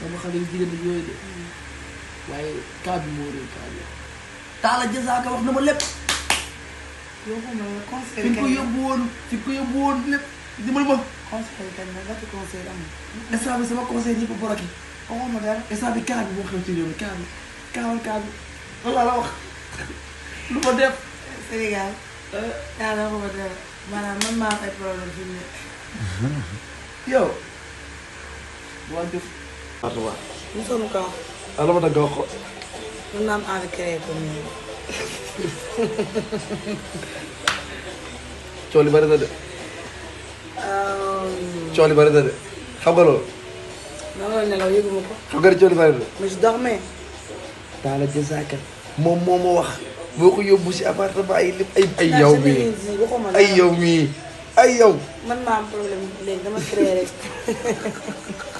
sama xale yu jigéen ak de waaye kaa bi moo réer kaa bi taala jasaaka wax na ma lépp. yóbbu ma ko yóbbu woon fi ko yóbbu woon lépp conseil kañ la gàtt conseil am. instant bi sama conseil ñëpp a boroki. waxoon na dara instant bi kaa bi moo xew ci réew mi la wax lu ma def. Sénégal. Euh. yaa la ko def Fatou Ba. sonu kaw. ah la ma dagg wax ko. mun naa am envie créer nii. coow li de. Euh, coow li de xam na nga nelaw yëgu ma ko. xam nga coow li bari na. ma si dox mais. daal di moom moo wax. boo ko yóbbu si appartement ay lépp ay. ay yow ay yow mii ay yow. man maa am problème dama créé rek.